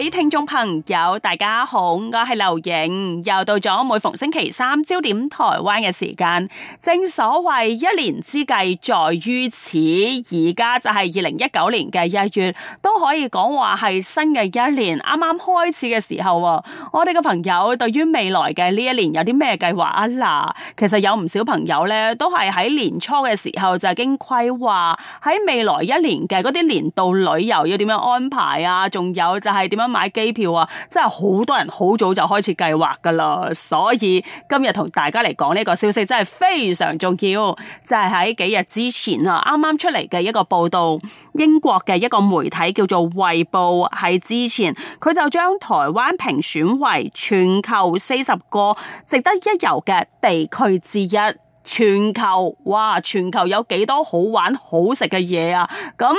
位聽眾朋友，大家好，我係劉穎，又到咗每逢星期三焦點台灣嘅時間。正所謂一年之計在於此，而家就係二零一九年嘅一月，都可以講話係新嘅一年啱啱開始嘅時候。我哋嘅朋友對於未來嘅呢一年有啲咩計劃啊？嗱，其實有唔少朋友咧，都係喺年初嘅時候就已經規劃喺未來一年嘅啲年度旅遊要點樣安排啊，仲有就係點樣。買機票啊，真係好多人好早就開始計劃噶啦，所以今日同大家嚟講呢個消息真係非常重要。就係喺幾日之前啊，啱啱出嚟嘅一個報道，英國嘅一個媒體叫做衛報，喺之前佢就將台灣評選為全球四十個值得一遊嘅地區之一。全球，哇，全球有幾多好玩好食嘅嘢啊？咁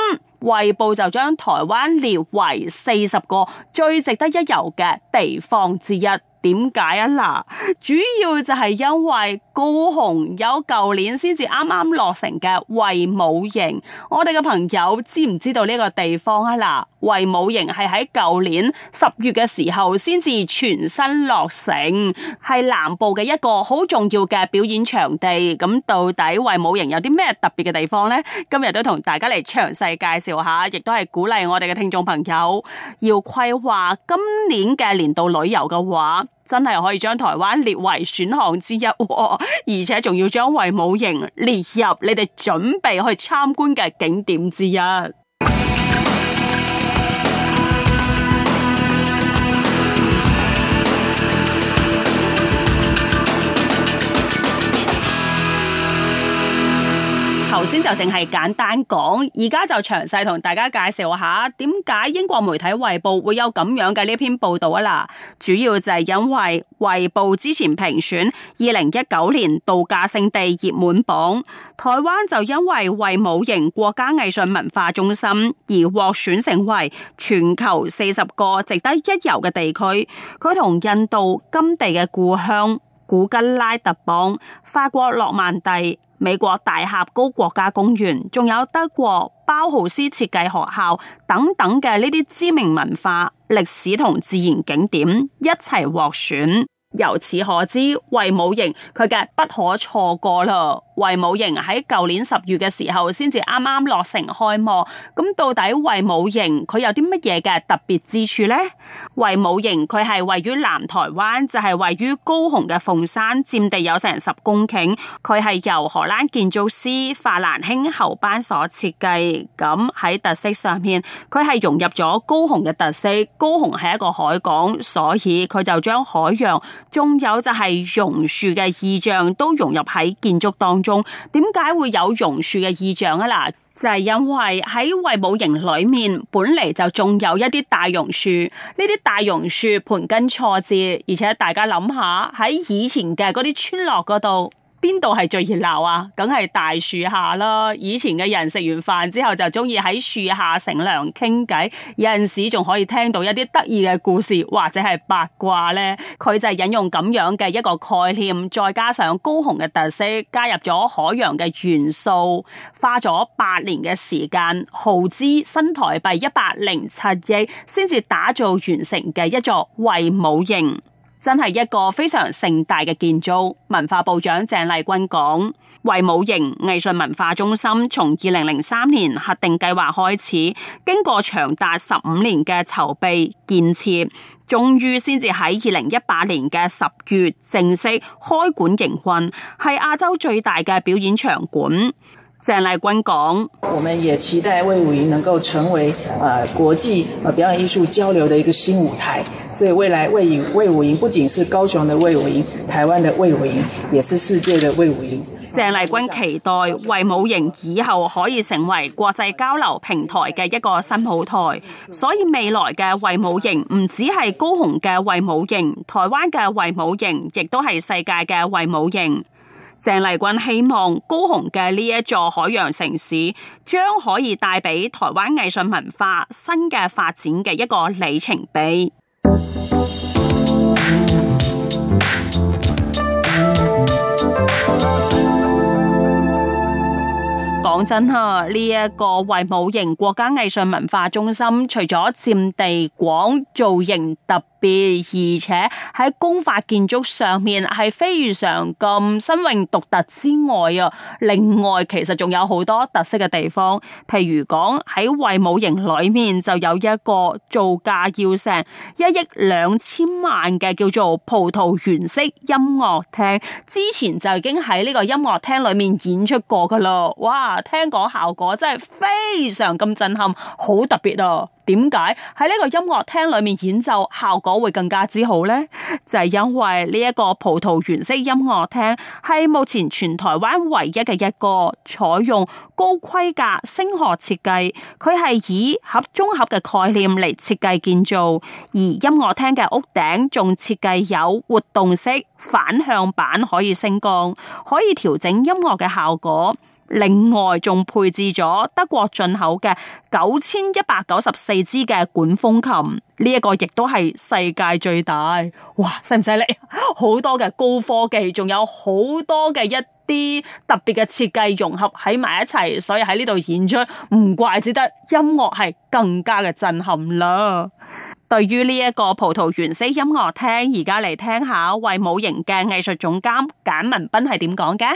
衛報就將台灣列為四十個最值得一遊嘅地方之一，點解啊嗱？主要就係因為高雄有舊年先至啱啱落成嘅衛武營，我哋嘅朋友知唔知道呢個地方啊嗱。衛武營係喺舊年十月嘅時候先至全新落成，係南部嘅一個好重要嘅表演場地。咁到底衛武營有啲咩特別嘅地方呢？今日都同大家嚟詳細介紹下，亦都係鼓勵我哋嘅聽眾朋友要規劃今年嘅年度旅遊嘅話，真係可以將台灣列為選項之一，而且仲要將衛武營列入你哋準備去參觀嘅景點之一。頭先就淨係簡單講，而家就詳細同大家介紹下點解英國媒體《衛報》會有咁樣嘅呢篇報導啊，啦，主要就係因為《衛報》之前評選二零一九年度假勝地熱門榜，台灣就因為衛武營國家藝術文化中心而獲選成為全球四十個值得一遊嘅地區。佢同印度甘地嘅故鄉古吉拉特邦、法國諾曼第、美國大峽谷國家公園，仲有德國包豪斯設計學校等等嘅呢啲知名文化、歷史同自然景點一齊獲選。由此可知，衛武營佢嘅不可錯過咯。衛武營喺舊年十月嘅時候先至啱啱落成開幕。咁到底衛武營佢有啲乜嘢嘅特別之處呢？衛武營佢係位於南台灣，就係、是、位於高雄嘅鳳山，占地有成十公頃。佢係由荷蘭建造師法蘭興侯班所設計。咁喺特色上面，佢係融入咗高雄嘅特色。高雄係一個海港，所以佢就將海洋。仲有就係榕樹嘅意象都融入喺建築當中，點解會有榕樹嘅意象啊？嗱，就係、是、因為喺衛武營裏面本嚟就仲有一啲大榕樹，呢啲大榕樹盤根錯節，而且大家諗下喺以前嘅嗰啲村落嗰度。邊度係最熱鬧啊？梗係大樹下啦！以前嘅人食完飯之後就中意喺樹下乘涼傾偈，有陣時仲可以聽到一啲得意嘅故事或者係八卦呢。佢就係引用咁樣嘅一個概念，再加上高雄嘅特色，加入咗海洋嘅元素，花咗八年嘅時間，耗資新台幣一百零七億，先至打造完成嘅一座衛武營。真係一個非常盛大嘅建築。文化部長鄭麗君講，衛武營藝術文化中心從二零零三年核定計劃開始，經過長達十五年嘅籌備建設，終於先至喺二零一八年嘅十月正式開館營運，係亞洲最大嘅表演場館。鄭麗君講：我們也期待衛武營能夠成為，誒，國際誒表演藝術交流的一個新舞台。所以未來衛武衛武營不僅是高雄的衛武營，台灣的衛武營，也是世界的衛武營。鄭麗君期待衛武營以後可以成為國際交流平台嘅一個新舞台。所以未來嘅衛武營唔只係高雄嘅衛武營，台灣嘅衛武營，亦都係世界嘅衛武營。鄭麗君希望高雄嘅呢一座海洋城市，將可以帶俾台灣藝術文化新嘅發展嘅一個里程碑。講真吓，呢一個衛武營國家藝術文化中心，除咗佔地廣、造型特別，而且喺工法建築上面係非常咁新穎獨特之外啊，另外其實仲有好多特色嘅地方，譬如講喺衛武營裏面就有一個造價要成一億兩千萬嘅叫做葡萄園式音樂廳，之前就已經喺呢個音樂廳裏面演出過㗎咯。哇！聽講效果真係非常咁震撼，好特別啊！點解喺呢個音樂廳裏面演奏效果會更加之好呢？就係因為呢一個葡萄園式音樂廳係目前全台灣唯一嘅一個採用高規格聲學設計。佢係以合綜合嘅概念嚟設計建造，而音樂廳嘅屋頂仲設計有活動式反向板可以升降，可以調整音樂嘅效果。另外仲配置咗德國進口嘅九千一百九十四支嘅管風琴，呢一個亦都係世界最大。哇，犀唔犀利？好多嘅高科技，仲有好多嘅一啲特別嘅設計融合喺埋一齊，所以喺呢度演出唔怪之得音樂係更加嘅震撼啦。對於呢一個葡萄園式音樂廳，而家嚟聽下，衛武營嘅藝術總監簡文彬係點講嘅？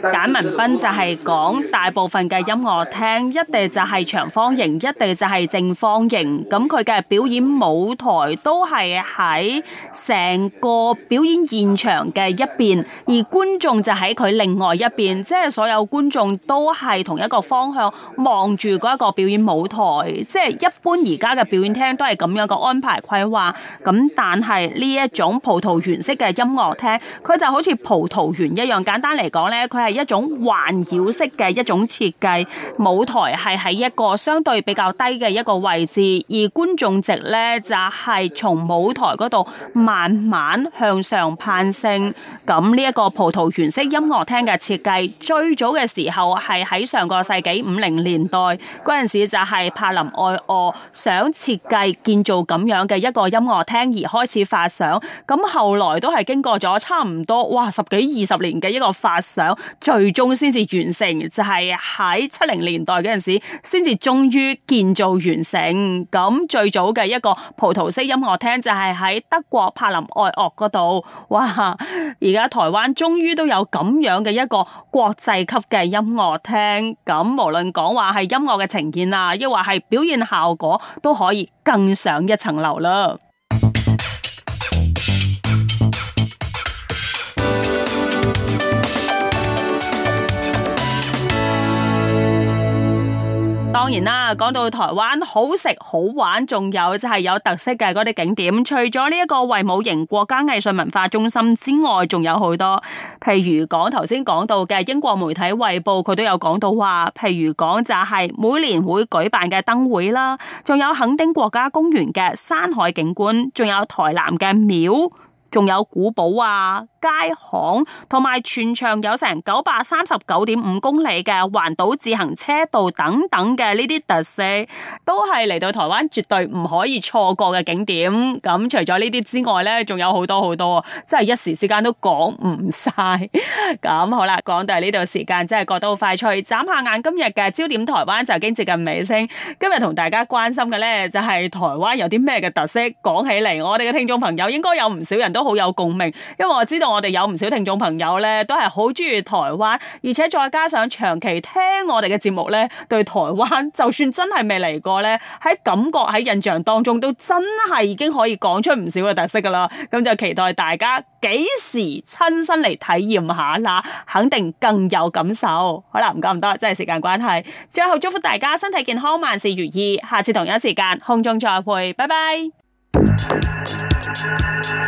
簡文斌就係講，大部分嘅音樂廳一定就係長方形，一定就係正方形。咁佢嘅表演舞台都係喺成個表演現場嘅一邊，而觀眾就喺佢另外一邊，即係所有觀眾都係同一個方向望住嗰一個表演舞台。即係一般而家嘅表演廳都係咁樣嘅安排規劃，咁但係呢一種葡萄園式嘅音樂廳佢就好似葡萄園一樣。簡單嚟講咧，佢係係一種環繞式嘅一種設計，舞台係喺一個相對比較低嘅一個位置，而觀眾席咧就係、是、從舞台嗰度慢慢向上攀升。咁呢一個葡萄園式音樂廳嘅設計，最早嘅時候係喺上個世紀五零年代嗰陣時，就係柏林愛樂想設計建造咁樣嘅一個音樂廳而開始發想，咁後來都係經過咗差唔多哇，十幾二十年嘅一個發想。最終先至完成，就係喺七零年代嗰陣時，先至終於建造完成。咁最早嘅一個葡萄式音樂廳就係喺德國柏林愛樂嗰度。哇！而家台灣終於都有咁樣嘅一個國際級嘅音樂廳。咁無論講話係音樂嘅呈現啊，抑或係表現效果，都可以更上一層樓啦。當然啦，講到台灣好食好玩，仲有就係有特色嘅嗰啲景點。除咗呢一個衛武營國家藝術文化中心之外，仲有好多，譬如講頭先講到嘅英國媒體衛報佢都有講到話，譬如講就係每年會舉辦嘅燈會啦，仲有墾丁國家公園嘅山海景觀，仲有台南嘅廟。仲有古堡啊、街巷同埋全長有成九百三十九點五公里嘅環島自行車道等等嘅呢啲特色，都係嚟到台灣絕對唔可以錯過嘅景點。咁除咗呢啲之外咧，仲有好多好多，真係一時之間都講唔晒。咁 好啦，講到呢度時間真係過得好快脆。眨下眼今日嘅焦點台灣就接近尾聲。今日同大家關心嘅咧，就係、是、台灣有啲咩嘅特色。講起嚟，我哋嘅聽眾朋友應該有唔少人都都好有共鳴，因為我知道我哋有唔少聽眾朋友咧，都係好中意台灣，而且再加上長期聽我哋嘅節目咧，對台灣就算真係未嚟過咧，喺感覺喺印象當中都真係已經可以講出唔少嘅特色噶啦。咁就期待大家幾時親身嚟體驗下啦，肯定更有感受。好啦，唔講咁多，真係時間關係，最後祝福大家身體健康，萬事如意。下次同一時間空中再會，拜拜。